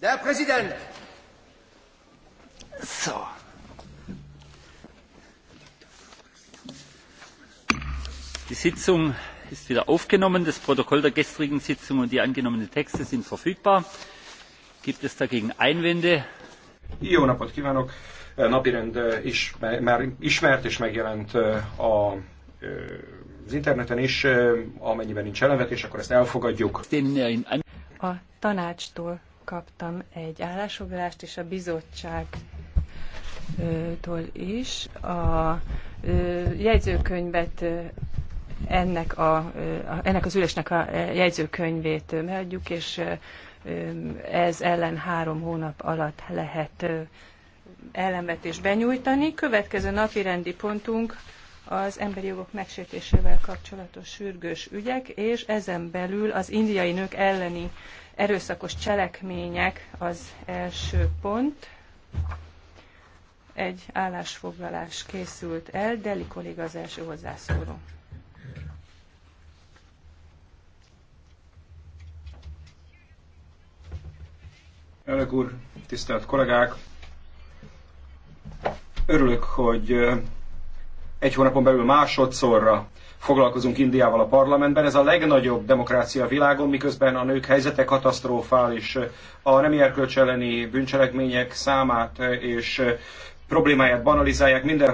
Der Präsident! So. Die Sitzung ist wieder aufgenommen. Das Protokoll der gestrigen Sitzung und die angenommenen Texte sind verfügbar. Gibt es dagegen Einwände? Jó napot kívánok! Napirend már ismert és megjelent a az interneten is, amennyiben nincs akkor ezt elfogadjuk. A tanácstól kaptam egy állásfoglalást, és a bizottságtól is. A jegyzőkönyvet ennek, a, ennek az ülésnek a jegyzőkönyvét megadjuk, és ez ellen három hónap alatt lehet ellenvetést benyújtani. Következő napi rendi pontunk az emberi jogok megsértésével kapcsolatos sürgős ügyek, és ezen belül az indiai nők elleni erőszakos cselekmények az első pont. Egy állásfoglalás készült el, Deli kolléga az első hozzászóló. Elnök úr, tisztelt kollégák! Örülök, hogy egy hónapon belül másodszorra foglalkozunk Indiával a parlamentben. Ez a legnagyobb demokrácia a világon, miközben a nők helyzete katasztrofális. A nemi erkölcs elleni bűncselekmények számát és problémáját banalizálják, minden